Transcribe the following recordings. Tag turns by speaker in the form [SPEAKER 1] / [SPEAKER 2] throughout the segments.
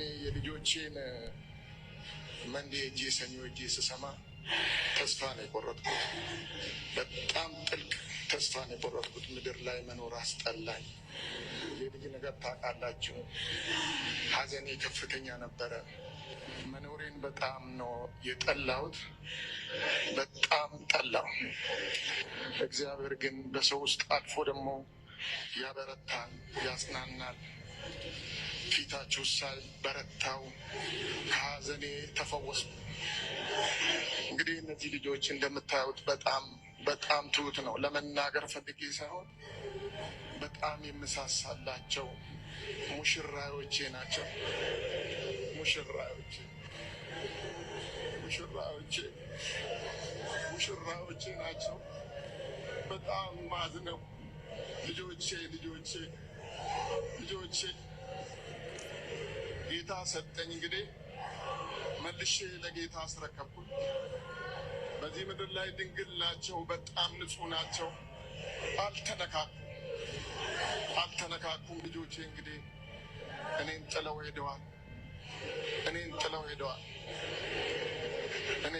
[SPEAKER 1] እኔ የልጆቼን መንዴ እጄ ሰኞ እጄ ስሰማ ተስፋ ነው የቆረጥኩት። በጣም ጥልቅ ተስፋ ነው የቆረጥኩት። ምድር ላይ መኖር አስጠላኝ። የልጅ ነገር ታውቃላችሁ፣ ሀዘኔ ከፍተኛ ነበረ። መኖሬን በጣም ነው የጠላሁት። በጣም ጠላው። እግዚአብሔር ግን በሰው ውስጥ አልፎ ደግሞ ያበረታል፣ ያጽናናል። ፊታችሁ ሳይ በረታው፣ ከሀዘኔ ተፈወስኩ። እንግዲህ እነዚህ ልጆች እንደምታዩት በጣም በጣም ትሁት ነው። ለመናገር ፈልጌ ሳይሆን በጣም የምሳሳላቸው ሙሽራዮቼ ናቸው። ሙሽራዮቼ ሙሽራዮቼ ሙሽራዎቼ ናቸው። በጣም ማዝነው ልጆቼ ልጆቼ ልጆቼ ጌታ ሰጠኝ፣ እንግዲህ መልሼ ለጌታ አስረከብኩ። በዚህ ምድር ላይ ድንግል ናቸው፣ በጣም ንጹሕ ናቸው፣ አልተነካኩም አልተነካኩም። ልጆቼ እንግዲህ እኔን ጥለው ሄደዋል፣ እኔን ጥለው ሄደዋል። እኔ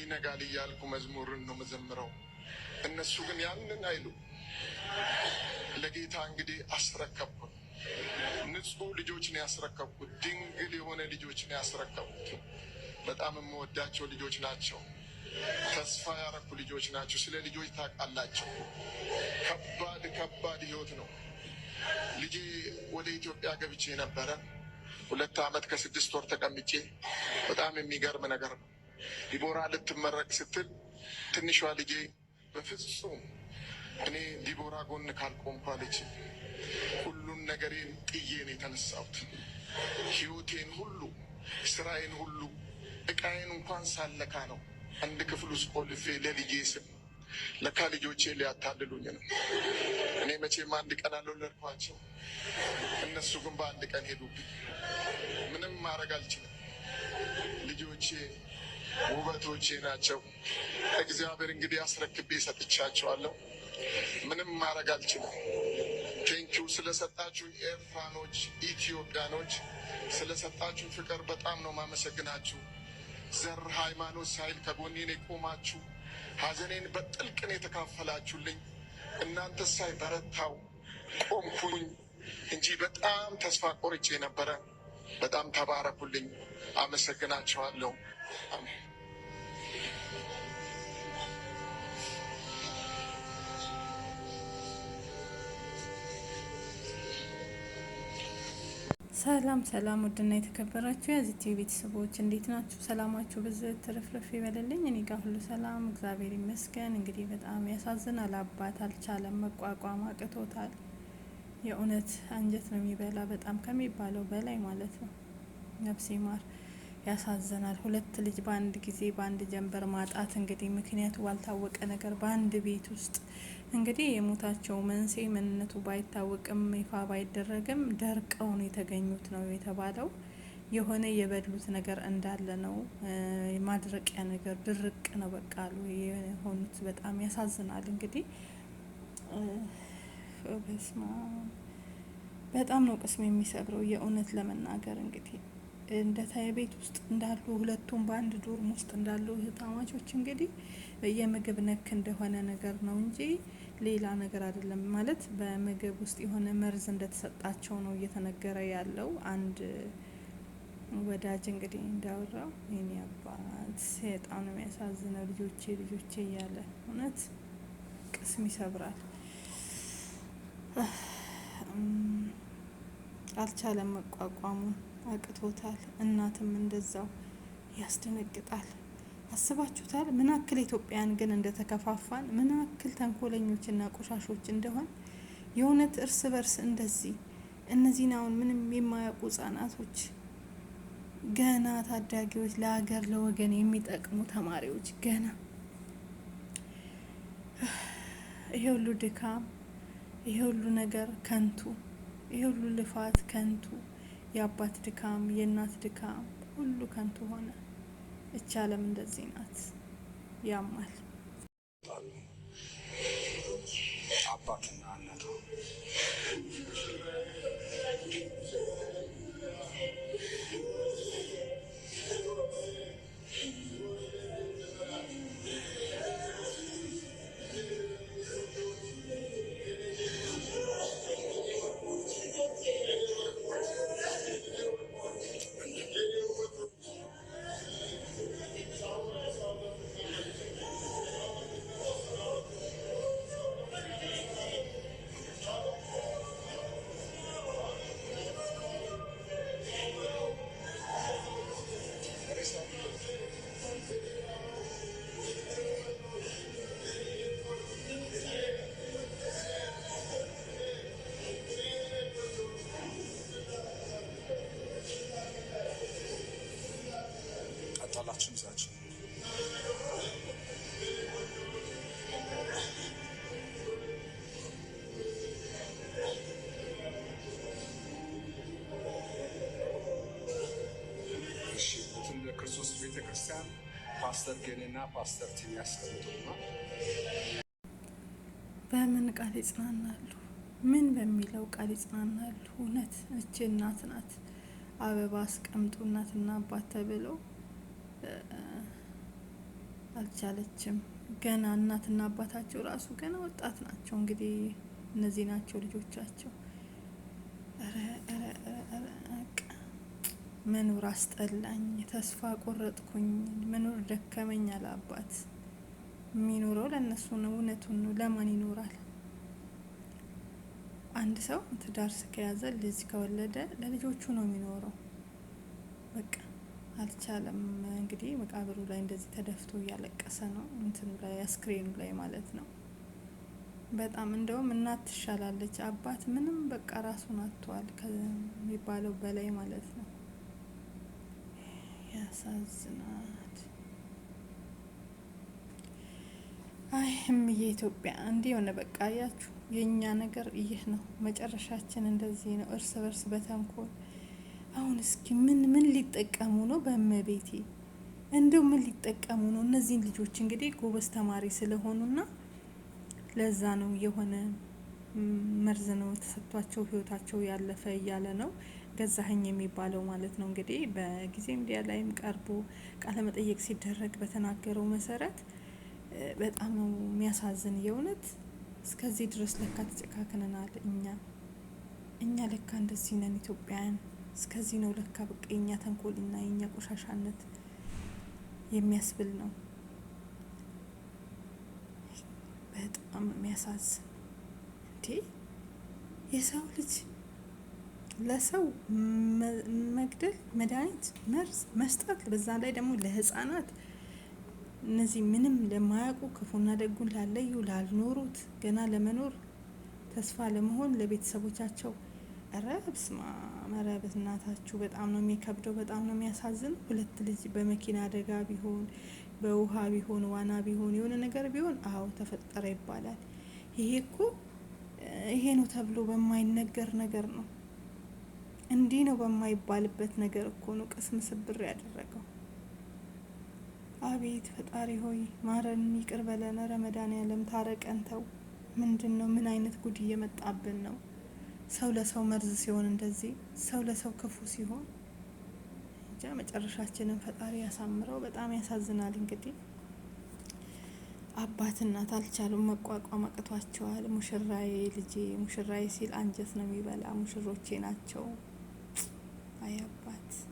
[SPEAKER 1] ይነጋል እያልኩ መዝሙርን ነው መዘምረው፣ እነሱ ግን ያንን አይሉ። ለጌታ እንግዲህ አስረከብኩ። ንጹህ ልጆችን ነው ያስረከብኩት። ድንግል የሆነ ልጆችን ነው ያስረከብኩት። በጣም የምወዳቸው ልጆች ናቸው። ተስፋ ያረኩ ልጆች ናቸው። ስለ ልጆች ታውቃላቸው። ከባድ ከባድ ህይወት ነው። ልጄ ወደ ኢትዮጵያ ገብቼ ነበረ ሁለት ዓመት ከስድስት ወር ተቀምጬ፣ በጣም የሚገርም ነገር ነው። ዲቦራ ልትመረቅ ስትል ትንሿ ልጄ በፍጹም እኔ ዲቦራ ጎን ካልቆምኩ ሁሉን ነገሬን ጥዬን የተነሳሁት ህይወቴን ሁሉ ስራዬን ሁሉ እቃዬን እንኳን ሳለካ ነው አንድ ክፍል ውስጥ ቆልፌ ለልጄ ስም ለካ ልጆቼ ሊያታልሉኝ ነው። እኔ መቼም አንድ ቀን አልወለድኳቸው፣ እነሱ ግን በአንድ ቀን ሄዱብኝ። ምንም ማድረግ አልችልም። ልጆቼ ውበቶቼ ናቸው። እግዚአብሔር እንግዲህ አስረክቤ ሰጥቻቸዋለሁ። ምንም ማድረግ አልችልም። ቴንኪዩ ስለሰጣችሁ ኤርትራኖች፣ ኢትዮጵያኖች ስለሰጣችሁ ፍቅር በጣም ነው ማመሰግናችሁ። ዘር ሃይማኖት ሳይል ከጎኔን የቆማችሁ ሀዘኔን በጥልቅን የተካፈላችሁልኝ እናንተ ሳይ በረታው ቆምኩኝ እንጂ በጣም ተስፋ ቆርጬ ነበረ። በጣም ተባረኩልኝ። አመሰግናችኋለሁ። አሜን።
[SPEAKER 2] ሰላም ሰላም፣ ውድና የተከበራችሁ የዚህ ቲቪ ቤተሰቦች እንዴት ናችሁ? ሰላማችሁ በዝ ትርፍርፍ ይበልልኝ። እኔ ጋር ሁሉ ሰላም እግዚአብሔር ይመስገን። እንግዲህ በጣም ያሳዝናል። አባት አልቻለም፣ መቋቋም አቅቶታል። የእውነት አንጀት ነው የሚበላ በጣም ከሚባለው በላይ ማለት ነው። ነፍሴ ማር ያሳዝናል። ሁለት ልጅ በአንድ ጊዜ በአንድ ጀንበር ማጣት እንግዲህ ምክንያቱ ባልታወቀ ነገር በአንድ ቤት ውስጥ እንግዲህ የሞታቸው መንስኤ ምንነቱ ባይታወቅም ይፋ ባይደረግም ደርቀው ነው የተገኙት ነው የተባለው። የሆነ የበሉት ነገር እንዳለ ነው። ማድረቂያ ነገር ድርቅ ነው በቃ አሉ የሆኑት። በጣም ያሳዝናል። እንግዲህ በስማ በጣም ነው ቅስም የሚሰብረው የእውነት ለመናገር እንግዲህ እንደታየ ቤት ውስጥ እንዳሉ ሁለቱም በአንድ ዶርም ውስጥ እንዳሉ እህትማማቾች እንግዲህ የምግብ ነክ እንደሆነ ነገር ነው እንጂ ሌላ ነገር አይደለም። ማለት በምግብ ውስጥ የሆነ መርዝ እንደተሰጣቸው ነው እየተነገረ ያለው። አንድ ወዳጅ እንግዲህ እንዳወራው የኔ አባት ሰይጣኑ የሚያሳዝነው ልጆቼ ልጆቼ እያለ እውነት ቅስም ይሰብራል። አልቻለም መቋቋሙን አቅቶታል። እናትም እንደዛው ያስደነግጣል። አስባችሁታል? ምን አክል ኢትዮጵያን ግን እንደተከፋፋን፣ ምን አክል ተንኮለኞችና ቆሻሾች እንደሆን የእውነት እርስ በርስ እንደዚህ እነዚህን አሁን ምንም የማያውቁ ህጻናቶች ገና ታዳጊዎች ለሀገር ለወገን የሚጠቅሙ ተማሪዎች ገና ይሄ ሁሉ ድካም፣ ይሄ ሁሉ ነገር ከንቱ፣ ይሄ ሁሉ ልፋት ከንቱ የአባት ድካም፣ የእናት ድካም ሁሉ ከንቱ ሆነ። እች ዓለም እንደዚህ ናት፣ ያማል።
[SPEAKER 1] አባትና ቤተክርስቲያን ፓስተር ገኔና ፓስተር ቲም ያስቀምጡና
[SPEAKER 2] በምን ቃል ይጽናናሉ? ምን በሚለው ቃል ይጽናናሉ? እውነት እቺ እናት ናት። አበባ አስቀምጡ እናትና አባት ተብለው አልቻለችም። ገና እናትና አባታቸው ራሱ ገና ወጣት ናቸው። እንግዲህ እነዚህ ናቸው ልጆቻቸው። መኖር አስጠላኝ፣ ተስፋ ቆረጥኩኝ፣ መኖር ደከመኝ አለ አባት። የሚኖረው ለእነሱ ነው፣ እውነቱን ነው። ለማን ይኖራል? አንድ ሰው ትዳር ስከያዘ ልጅ ከወለደ ለልጆቹ ነው የሚኖረው። በቃ አልቻለም። እንግዲህ መቃብሩ ላይ እንደዚህ ተደፍቶ እያለቀሰ ነው፣ እንትኑ ላይ አስክሬኑ ላይ ማለት ነው። በጣም እንደውም እናት ትሻላለች፣ አባት ምንም በቃ ራሱን አጥቷል ከሚባለው በላይ ማለት ነው። ያሳዝናት። አይ የኢትዮጵያ ኢትዮጵያ እንዲህ የሆነ በቃ አያችሁ፣ የእኛ ነገር ይህ ነው። መጨረሻችን እንደዚህ ነው፣ እርስ በርስ በተንኮል። አሁን እስኪ ምን ምን ሊጠቀሙ ነው? በእመቤቴ እንደው ምን ሊጠቀሙ ነው? እነዚህን ልጆች እንግዲህ ጎበዝ ተማሪ ስለሆኑና ለዛ ነው የሆነ መርዝ ነው ተሰጥቷቸው ህይወታቸው ያለፈ እያለ ነው ገዛኸኝ የሚባለው ማለት ነው። እንግዲህ በጊዜ ሚዲያ ላይም ቀርቦ መጠየቅ ሲደረግ በተናገረው መሰረት በጣም ነው የሚያሳዝን። የእውነት እስከዚህ ድረስ ለካ ተጨካክነናል እኛ እኛ ለካ እንደዚህ ነን ኢትዮጵያውያን። እስከዚህ ነው ለካ በቃ የኛ ተንኮልና የኛ ቆሻሻነት የሚያስብል ነው። በጣም የሚያሳዝን እንዴ የሰው ልጅ ለሰው መግደል መድኃኒት መርዝ መስጠት፣ በዛ ላይ ደግሞ ለህፃናት እነዚህ ምንም ለማያውቁ ክፉና ደጉን ላለዩ ላልኖሩት ገና ለመኖር ተስፋ ለመሆን ለቤተሰቦቻቸው ረብስ ማመረብስ እናታችሁ በጣም ነው የሚከብደው። በጣም ነው የሚያሳዝን። ሁለት ልጅ በመኪና አደጋ ቢሆን በውሃ ቢሆን ዋና ቢሆን የሆነ ነገር ቢሆን አዎ ተፈጠረ ይባላል። ይሄ እኮ ይሄ ነው ተብሎ በማይነገር ነገር ነው። እንዲህ ነው በማይባልበት ነገር እኮ ነው ቅስም ስብር ያደረገው። አቤት ፈጣሪ ሆይ ማረን፣ ይቅር በለን፣ ረመዳን ያለም ታረቀን። ተው ምንድን ነው? ምን አይነት ጉድ እየመጣብን ነው? ሰው ለሰው መርዝ ሲሆን እንደዚህ ሰው ለሰው ክፉ ሲሆን እንጃ መጨረሻችንን ፈጣሪ ያሳምረው። በጣም ያሳዝናል። እንግዲህ አባት እናት አልቻሉም፣ መቋቋም አቅቷቸዋል። ሙሽራዬ ልጄ ሙሽራዬ ሲል አንጀት ነው የሚበላ። ሙሽሮቼ ናቸው higher parts